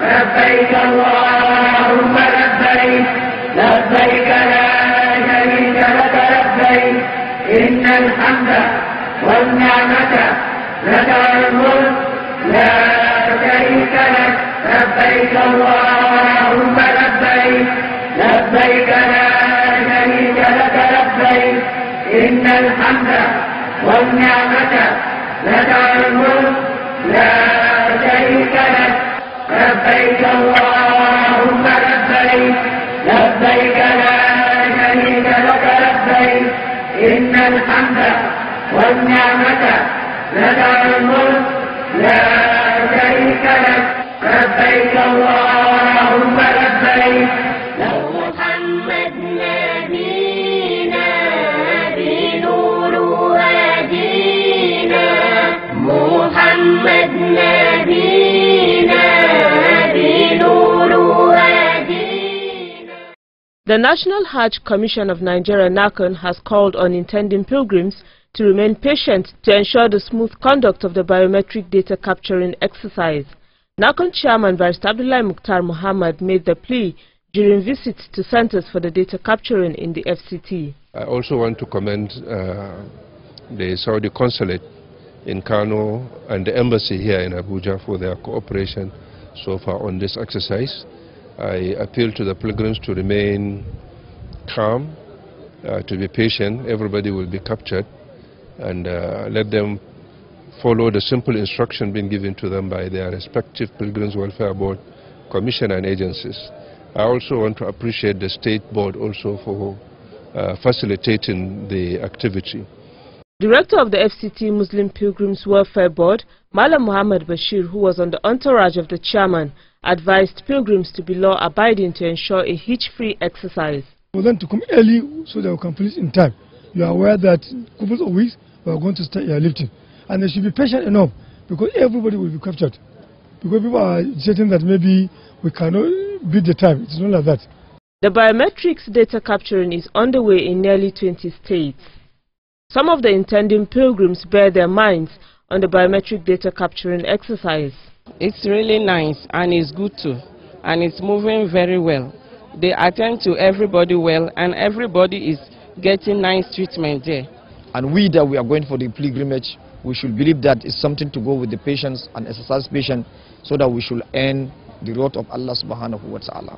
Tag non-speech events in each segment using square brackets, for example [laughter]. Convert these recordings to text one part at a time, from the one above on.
لبيك اللهم لبيك لبيك لا شريك لك لبيك إن الحمد والنعمة لك الملك لا شريك لك لبيك اللهم لبيك لبيك لا شريك لك لبيك إن الحمد والنعمة لك الملك لا شريك لك لبيك اللهم لبيك لبيك لا شريك لك لبيك إن الحمد والنعمة لك الملك لا شريك لك لبيك اللهم لبيك محمد نبينا بنور هدينا محمد نبينا The National Hajj Commission of Nigeria NACON has called on intending pilgrims to remain patient to ensure the smooth conduct of the biometric data capturing exercise. NACON Chairman Barrister Abdullah Mukhtar Muhammad made the plea during visits to centers for the data capturing in the FCT. I also want to commend uh, the Saudi consulate in Kano and the embassy here in Abuja for their cooperation so far on this exercise. I appeal to the pilgrims to remain calm, uh, to be patient. Everybody will be captured and uh, let them follow the simple instruction being given to them by their respective Pilgrims Welfare Board, Commission and agencies. I also want to appreciate the State Board also for uh, facilitating the activity. Director of the FCT Muslim Pilgrims Welfare Board, Mala Muhammad Bashir, who was on the entourage of the chairman, advised pilgrims to be law-abiding to ensure a hitch-free exercise. For them to come early so they will complete in time. You are aware that couple of weeks we are going to start lifting, And they should be patient enough because everybody will be captured. Because people are stating that maybe we cannot beat the time. It's not like that. The biometrics data capturing is underway in nearly 20 states. Some of the intending pilgrims bear their minds on the biometric data capturing exercise. It's really nice and it's good too and it's moving very well. They attend to everybody well and everybody is getting nice treatment there. And we that we are going for the pilgrimage, we should believe that it's something to go with the patients and exercise patient so that we should earn the road of Allah subhanahu wa ta'ala.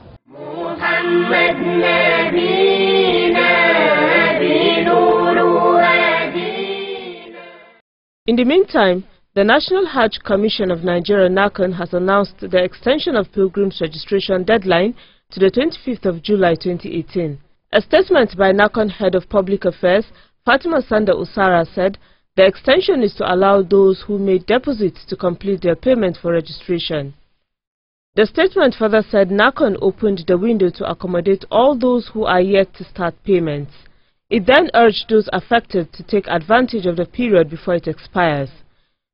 In the meantime, the National Hajj Commission of Nigeria NACON has announced the extension of pilgrims registration deadline to the 25th of July 2018. A statement by NACON Head of Public Affairs Fatima Sanda Usara said the extension is to allow those who made deposits to complete their payment for registration. The statement further said NACON opened the window to accommodate all those who are yet to start payments. It then urged those affected to take advantage of the period before it expires.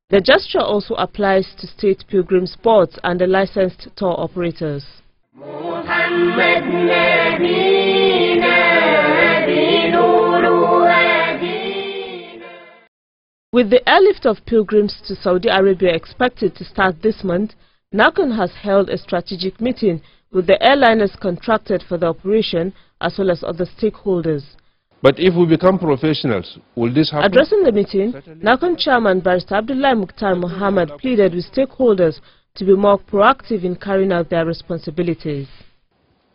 The gesture also applies to state pilgrims boards and the licensed tour operators. With the airlift of pilgrims to Saudi Arabia expected to start this month, Nakan has held a strategic meeting with the airliners contracted for the operation as well as other stakeholders. But if we become professionals, will this happen? Addressing the meeting, NACON Chairman Barrister Abdullah Mukhtar Mohammed pleaded with stakeholders to be more proactive in carrying out their responsibilities.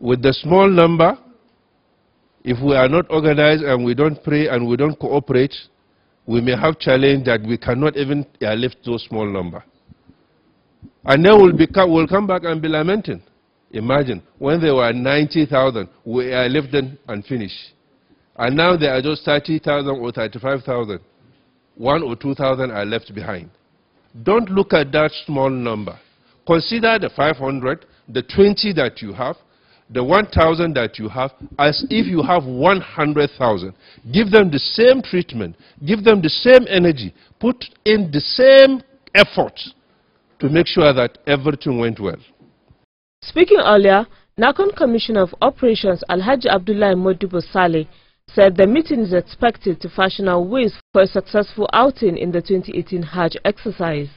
With the small number, if we are not organized and we don't pray and we don't cooperate, we may have challenge that we cannot even lift those small number. And then we'll, we'll come back and be lamenting. Imagine, when there were 90,000, we them and finished. And now there are just 30,000 or 35,000. One or 2,000 are left behind. Don't look at that small number. Consider the 500, the 20 that you have, the 1,000 that you have, as if you have 100,000. Give them the same treatment. Give them the same energy. Put in the same effort to make sure that everything went well. Speaking earlier, NACON Commissioner of Operations Alhaji Abdullah Modibo Saleh said the meeting is expected to fashion our ways for a successful outing in the 2018 Hajj exercise.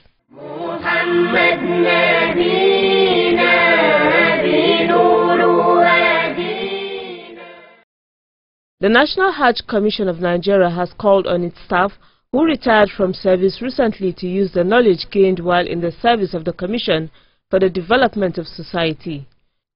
The National Hajj Commission of Nigeria has called on its staff who retired from service recently to use the knowledge gained while in the service of the Commission for the development of society.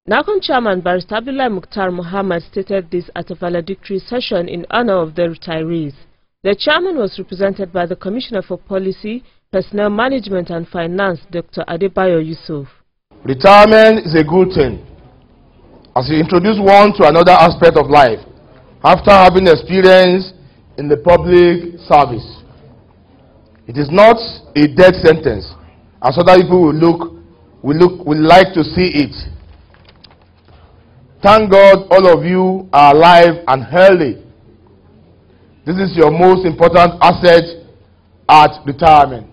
NACON chairman Barrister Abdullah Mukhtar Muhammad stated this at a valedictory session in honor of the retirees. The chairman was represented by the Commissioner for Policy, Personnel Management and Finance, Dr. Adebayo Yusuf. Retirement is a good thing as you introduce one to another aspect of life after having experience in the public service. It is not a death sentence as other people will look, will look, will like to see it. Thank God all of you are alive and healthy. This is your most important asset at retirement.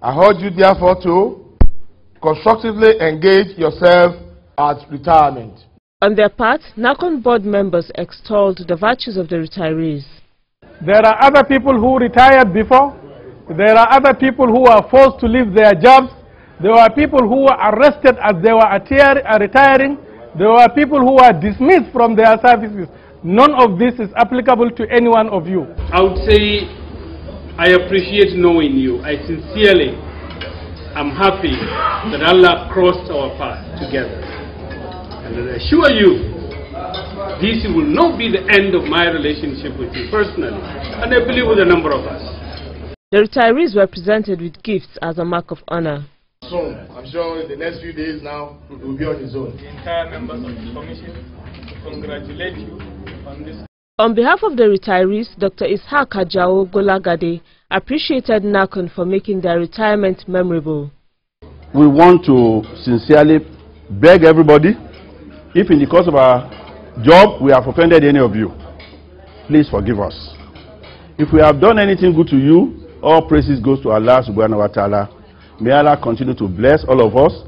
I urge you, therefore, to constructively engage yourself at retirement. On their part, NACON board members extolled the virtues of the retirees. There are other people who retired before. There are other people who are forced to leave their jobs. There are people who were arrested as they were uh, retiring there were people who were dismissed from their services. None of this is applicable to any one of you. I would say I appreciate knowing you. I sincerely am happy that Allah crossed our path together. And I assure you, this will not be the end of my relationship with you personally, and I believe with a number of us. The retirees were presented with gifts as a mark of honor. I'm sure in the next few days now, he will be on his own. The entire members of the commission congratulate you on this. On behalf of the retirees, Dr. Ishaq Ajao Golagade appreciated NACON for making their retirement memorable. We want to sincerely beg everybody, if in the course of our job we have offended any of you, please forgive us. If we have done anything good to you, all praises goes to Allah subhanahu wa ta'ala May Allah continue to bless all of us.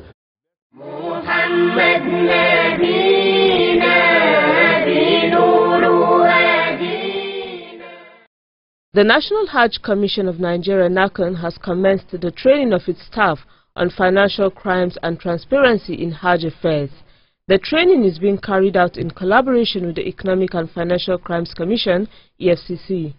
The National Hajj Commission of Nigeria NACON has commenced the training of its staff on financial crimes and transparency in Hajj affairs. The training is being carried out in collaboration with the Economic and Financial Crimes Commission, EFCC.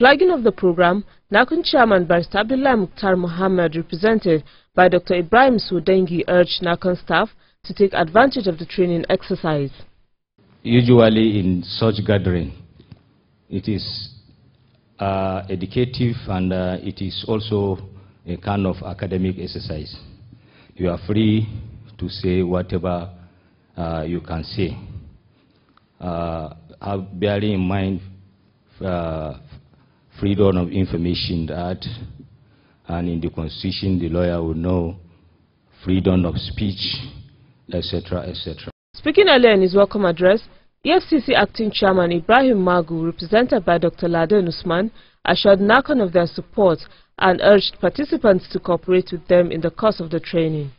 Flagging of the program, NACON chairman Barista Abdullah Mukhtar Mohammed, represented by Dr. Ibrahim Sudengi, urged NACON staff to take advantage of the training exercise. Usually in such gathering, it is uh, educative and uh, it is also a kind of academic exercise. You are free to say whatever uh, you can say. Uh, have bearing in mind uh, Freedom of Information that, and in the Constitution, the lawyer will know freedom of speech, etc., etc. Speaking earlier in his welcome address, EFCC Acting Chairman Ibrahim Magu, represented by Dr. Laden Usman, assured Nakan of their support and urged participants to cooperate with them in the course of the training.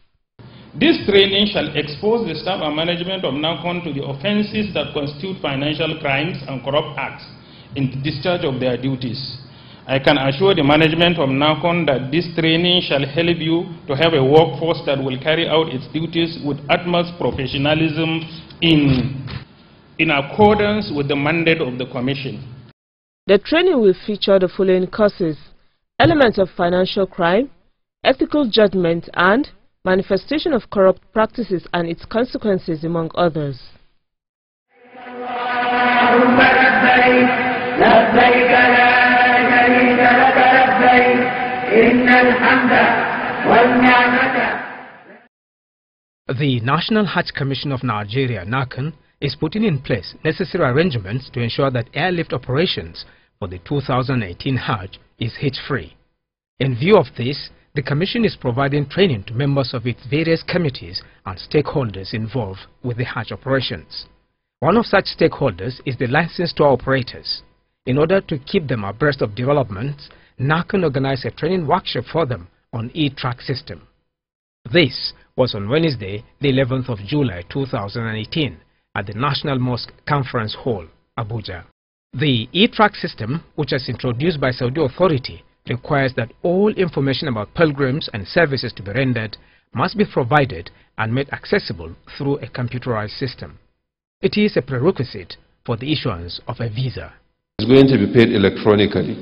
This training shall expose the staff and management of NACON to the offenses that constitute financial crimes and corrupt acts in the discharge of their duties. I can assure the management of NACON that this training shall help you to have a workforce that will carry out its duties with utmost professionalism in, in accordance with the mandate of the Commission. The training will feature the following courses, elements of financial crime, ethical judgment and manifestation of corrupt practices and its consequences among others. لبيك لا شريك لك لبيك إن الحمد والنعمة The National Hajj Commission of Nigeria, NACAN, is putting in place necessary arrangements to ensure that airlift operations for the 2018 Hajj is hitch-free. In view of this, the Commission is providing training to members of its various committees and stakeholders involved with the Hajj operations. One of such stakeholders is the licensed tour operators. In order to keep them abreast of developments, NACON organized a training workshop for them on e-track system. This was on Wednesday, the 11th of July 2018, at the National Mosque Conference Hall, Abuja. The e-track system, which was introduced by Saudi authority, requires that all information about pilgrims and services to be rendered must be provided and made accessible through a computerized system. It is a prerequisite for the issuance of a visa is going to be paid electronically.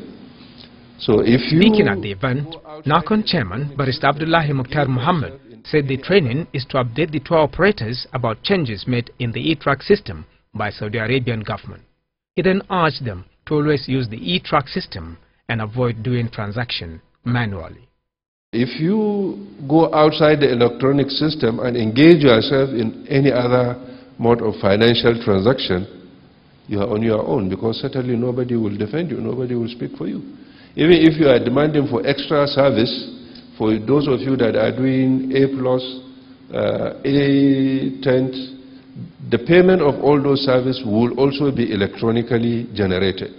So if you Speaking at the event, NACON chairman Barista Abdullahi Mukhtar Muhammad said the training is to update the tour operators about changes made in the e-truck system by Saudi Arabian government. He then urged them to always use the e-truck system and avoid doing transaction manually. If you go outside the electronic system and engage yourself in any other mode of financial transaction, you are on your own because certainly nobody will defend you, nobody will speak for you. Even if you are demanding for extra service, for those of you that are doing A plus, uh, A tent, the payment of all those services will also be electronically generated.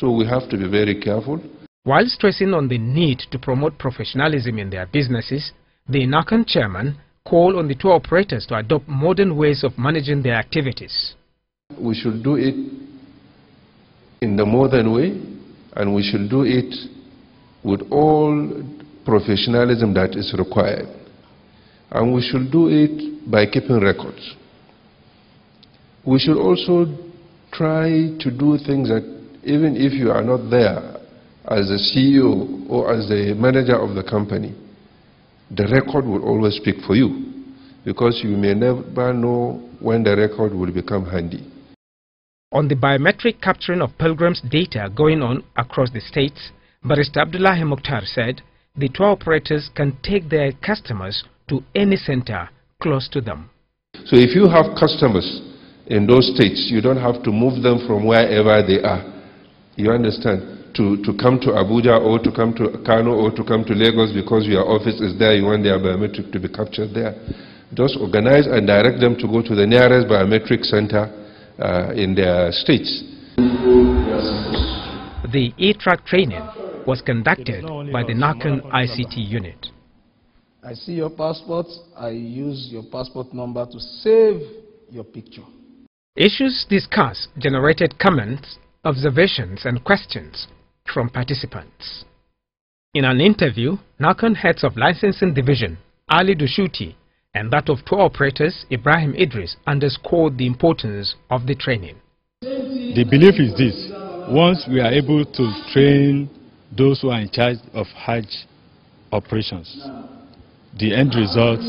So we have to be very careful. While stressing on the need to promote professionalism in their businesses, the Nakan chairman called on the tour operators to adopt modern ways of managing their activities. We should do it in the modern way and we should do it with all professionalism that is required. And we should do it by keeping records. We should also try to do things that even if you are not there as the CEO or as the manager of the company, the record will always speak for you because you may never know when the record will become handy on the biometric capturing of pilgrims' data going on across the states, Barista Abdullahi Mukhtar said the tour operators can take their customers to any center close to them. So if you have customers in those states, you don't have to move them from wherever they are. You understand? To, to come to Abuja or to come to Kano or to come to Lagos because your office is there, you want their biometric to be captured there. Just organize and direct them to go to the nearest biometric center uh, in their streets. The e track training was conducted by the Nakan ICT unit. I see your passport, I use your passport number to save your picture. Issues discussed generated comments, observations and questions from participants. In an interview, Nakan Heads of Licensing Division, Ali Dushuti, and that of tour operators Ibrahim Idris underscored the importance of the training. The belief is this, once we are able to train those who are in charge of Hajj operations, the end result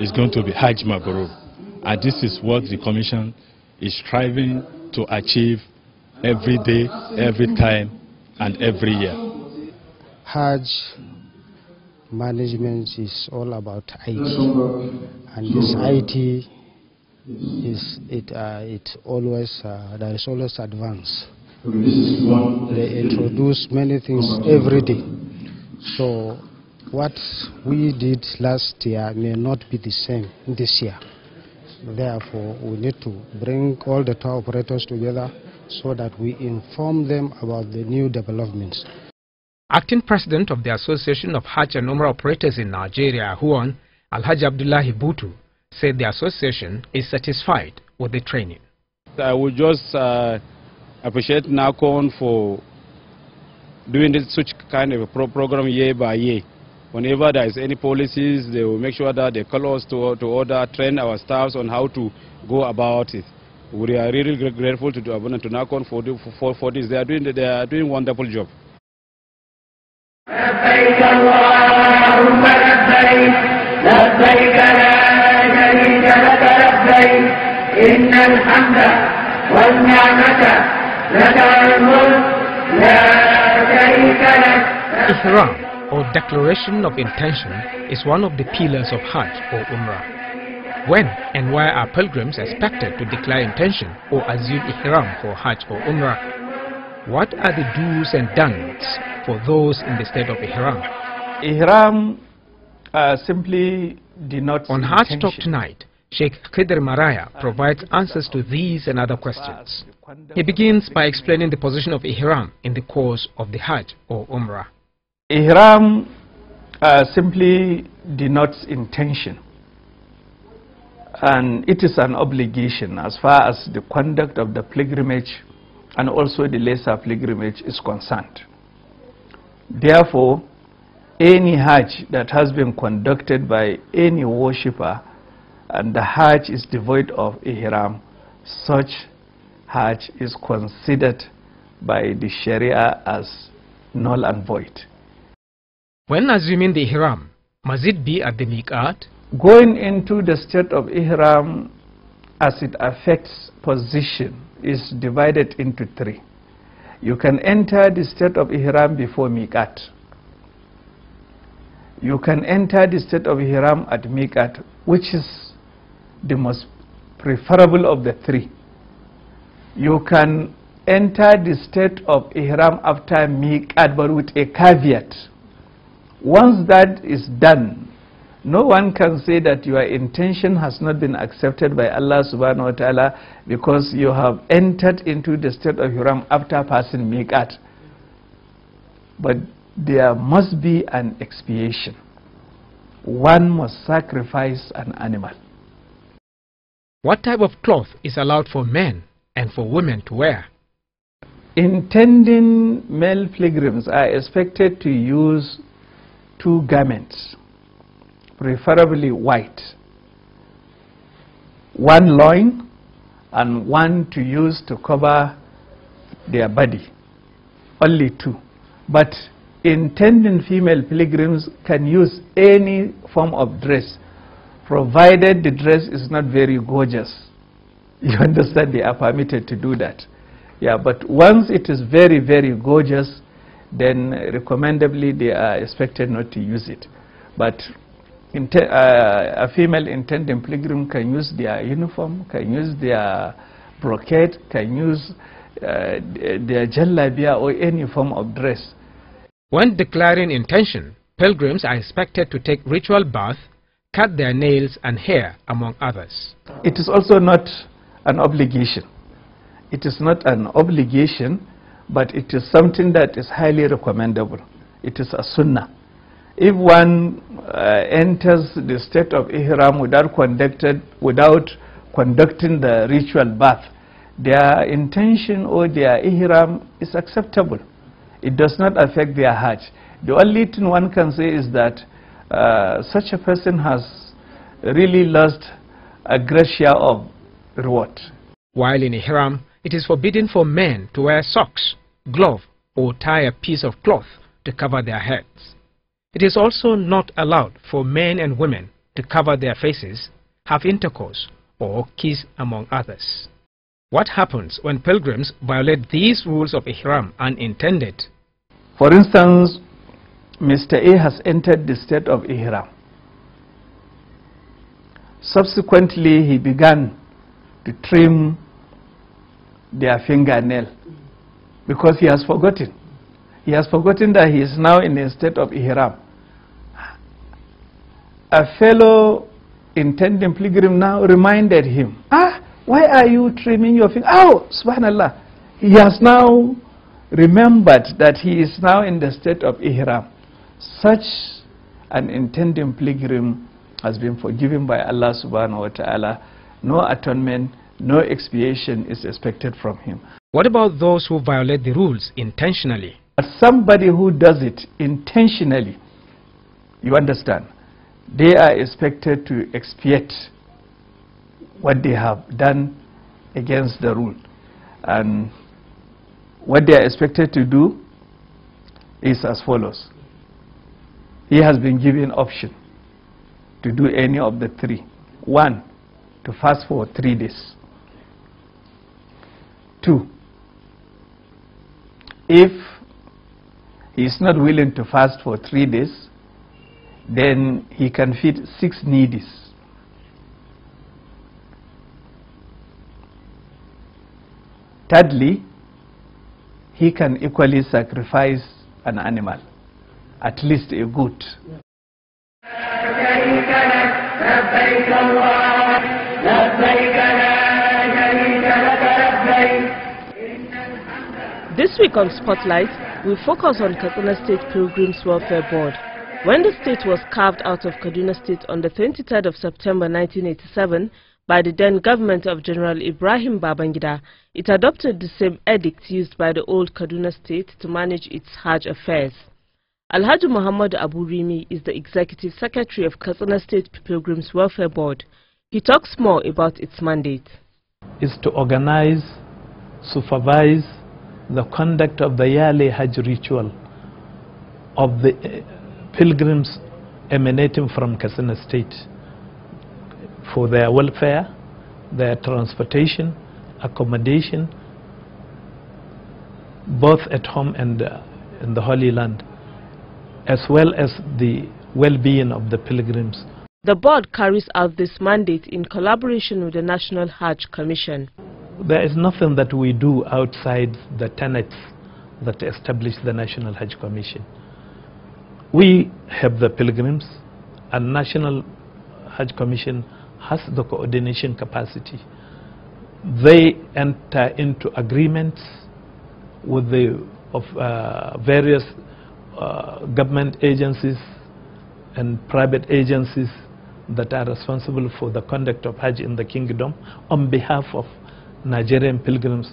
is going to be Hajj Maburu. And this is what the Commission is striving to achieve every day, every time, and every year. Hajj management is all about IT, and this IT is it uh, it always uh, there is always advance. They introduce many things every day. So what we did last year may not be the same this year. Therefore, we need to bring all the tower operators together so that we inform them about the new developments. Acting President of the Association of Hajj and Umrah Operators in Nigeria, Huon, Alhaj Abdullahi Butu, said the association is satisfied with the training. I would just uh, appreciate NACON for doing this, such kind of a pro program year by year. Whenever there is any policies, they will make sure that they call us to, to order, train our staffs on how to go about it. We are really grateful to, to NACON for, for, for this. They are, doing, they are doing a wonderful job. لبيك اللهم لبيك لبيك لا شريك لك لبيك إن الحمد والنعمة لك الملك لا شريك لك إحرام or declaration of intention is one of the pillars of Hajj or Umrah. When and why are pilgrims expected to declare intention or assume ihram for Hajj or Umrah? What are the do's and don'ts for those in the state of Ihram. Ihram uh, simply denotes. On Hajj Talk Tonight, Sheikh Khidr Maraya provides answers to these and other questions. He begins by explaining the position of Ihram in the course of the Hajj or Umrah. Ihram uh, simply denotes intention and it is an obligation as far as the conduct of the pilgrimage and also the lesser pilgrimage is concerned. Therefore, any Hajj that has been conducted by any worshipper and the Hajj is devoid of Ihram, such Hajj is considered by the Sharia as null and void. When assuming the Ihram, must it be at the Miqat? Going into the state of Ihram as it affects position is divided into three. You can enter the state of Ihram before Miqat. You can enter the state of Ihram at Miqat, which is the most preferable of the three. You can enter the state of Ihram after Miqat, but with a caveat. Once that is done, no one can say that your intention has not been accepted by Allah subhanahu wa ta'ala because you have entered into the state of Hiram after passing Miqat. But there must be an expiation. One must sacrifice an animal. What type of cloth is allowed for men and for women to wear? Intending male pilgrims are expected to use two garments preferably white. One loin and one to use to cover their body. Only two. But intending female pilgrims can use any form of dress, provided the dress is not very gorgeous. [laughs] You understand they are permitted to do that. Yeah, but once it is very, very gorgeous, then recommendably they are expected not to use it. But uh, a female intending pilgrim can use their uniform, can use their brocade, can use uh, their jalabia or any form of dress. When declaring intention, pilgrims are expected to take ritual bath, cut their nails and hair, among others. It is also not an obligation. It is not an obligation, but it is something that is highly recommendable. It is a sunnah if one uh, enters the state of ihram without conducted without conducting the ritual bath their intention or their ihram is acceptable it does not affect their hajj the only thing one can say is that uh, such a person has really lost a great share of reward while in ihram it is forbidden for men to wear socks glove or tie a piece of cloth to cover their heads it is also not allowed for men and women to cover their faces, have intercourse, or kiss among others. What happens when pilgrims violate these rules of Ihram unintended? For instance, Mr. A has entered the state of Ihram. Subsequently, he began to trim their fingernail because he has forgotten. He has forgotten that he is now in a state of Ihram a fellow intending pilgrim now reminded him, Ah, why are you trimming your finger? Oh, subhanallah. He has now remembered that he is now in the state of ihram. Such an intending pilgrim has been forgiven by Allah subhanahu wa ta'ala. No atonement, no expiation is expected from him. What about those who violate the rules intentionally? But somebody who does it intentionally, you understand, they are expected to expiate what they have done against the rule. And what they are expected to do is as follows. He has been given option to do any of the three. One, to fast for three days. Two, if he is not willing to fast for three days, then he can feed six needies. Thirdly, he can equally sacrifice an animal, at least a goat. This week on Spotlight, we focus on Katsina State Pilgrims Welfare Board. When the state was carved out of Kaduna State on the 23rd of September 1987 by the then government of General Ibrahim Babangida, it adopted the same edict used by the old Kaduna State to manage its Hajj affairs. Alhaji Muhammad Aburimi is the Executive Secretary of Kaduna State Pilgrims Welfare Board. He talks more about its mandate. Is to organize, supervise the conduct of the yearly Hajj ritual of the uh, pilgrims emanating from Kasina State for their welfare, their transportation, accommodation, both at home and uh, in the Holy Land, as well as the well-being of the pilgrims. The board carries out this mandate in collaboration with the National Hajj Commission. There is nothing that we do outside the tenets that establish the National Hajj Commission. We help the pilgrims and National Hajj Commission has the coordination capacity. They enter into agreements with the of uh, various uh, government agencies and private agencies that are responsible for the conduct of Hajj in the kingdom on behalf of Nigerian pilgrims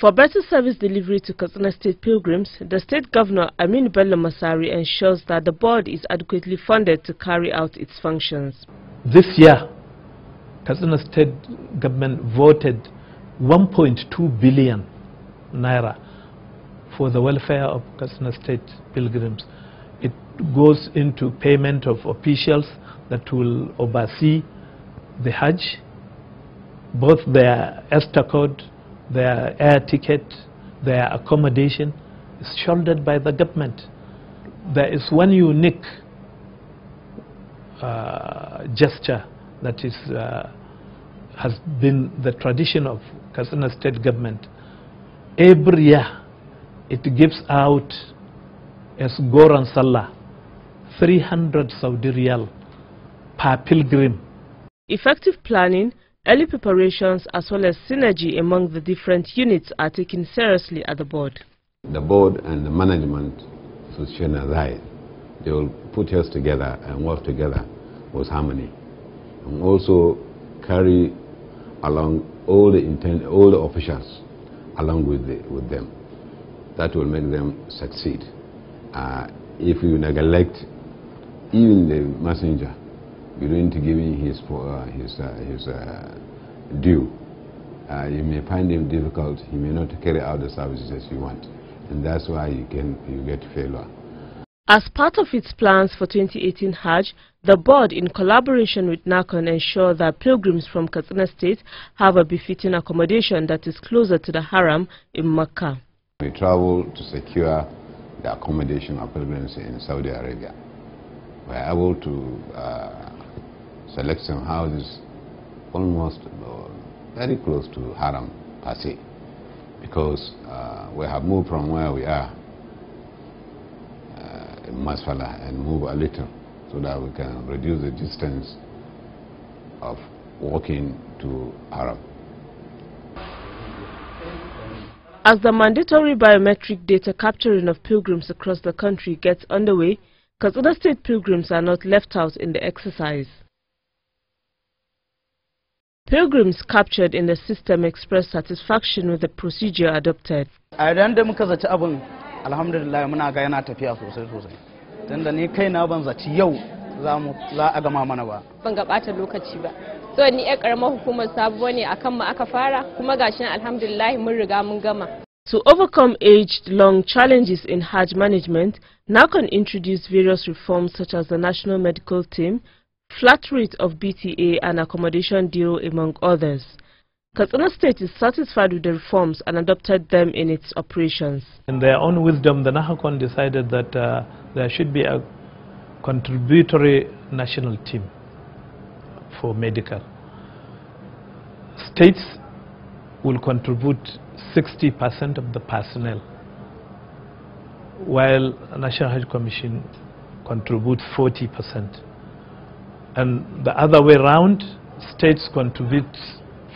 for better service delivery to Katsina State pilgrims, the State Governor Amin Bello Masari ensures that the board is adequately funded to carry out its functions. This year, Katsina State government voted 1.2 billion naira for the welfare of Katsina State pilgrims. It goes into payment of officials that will oversee the Hajj, both their escort their air ticket, their accommodation is shouldered by the government. There is one unique uh, gesture that is, uh, has been the tradition of Kasana state government. Every year it gives out as Goran Salah 300 Saudi Riyal per pilgrim. Effective planning Early preparations as well as synergy among the different units are taken seriously at the board. The board and the management position aside, they will put us together and work together with harmony. And also carry along all the, intent, all the officials along with, the, with them. That will make them succeed. Uh, if you neglect even the messenger, you don't give him his, uh, his, uh, his uh, due. Uh, you may find him difficult, he may not carry out the services as you want. And that's why you, can, you get failure. As part of its plans for 2018 Hajj, the board, in collaboration with NACON, ensure that pilgrims from Katsina State have a befitting accommodation that is closer to the Haram in Mecca. We travel to secure the accommodation of pilgrims in Saudi Arabia. We are able to uh, selection house is almost very close to Haram per because uh, we have moved from where we are uh, in Masfala and move a little so that we can reduce the distance of walking to Haram. As the mandatory biometric data capturing of pilgrims across the country gets underway, Katsina State pilgrims are not left out in the exercise. Pilgrims captured in the system expressed satisfaction with the procedure adopted. A idan da muka zaci abin muna tafiya sosai sosai. Tunda ni kaina ban zaci yau za a mana ba. Ban lokaci ba. ni hukumar sabuwa ne akan mu aka fara kuma gashi alhamdulillah mun riga mun gama. To overcome age-long challenges in Hajj management, NACON introduced various reforms such as the National Medical Team, flat rate of BTA and accommodation deal among others. Katsina State is satisfied with the reforms and adopted them in its operations. In their own wisdom, the Nahakon decided that uh, there should be a contributory national team for medical. States will contribute 60% of the personnel, while National Health Commission contributes 40% and the other way around, states contribute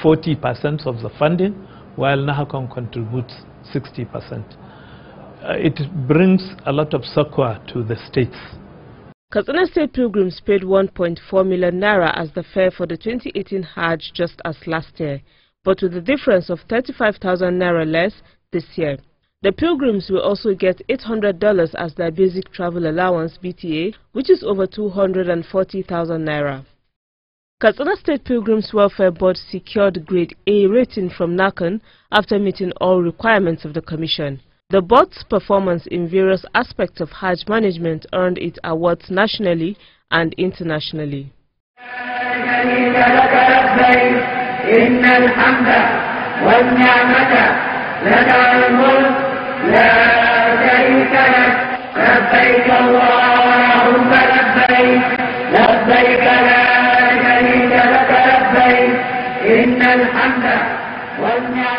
40% of the funding, while Nahakon contributes 60%. Uh, it brings a lot of succor to the states. Kazana State pilgrims paid 1.4 million naira as the fare for the 2018 Hajj just as last year, but with a difference of 35,000 naira less this year. The pilgrims will also get $800 as their basic travel allowance BTA, which is over 240,000 naira. Katsina State Pilgrims Welfare Board secured grade A rating from Nakan after meeting all requirements of the commission. The board's performance in various aspects of Hajj management earned it awards nationally and internationally. لا شريك لك لبيك اللهم لبيك لبيك لا شريك لك لبيك إن الحمد والنعم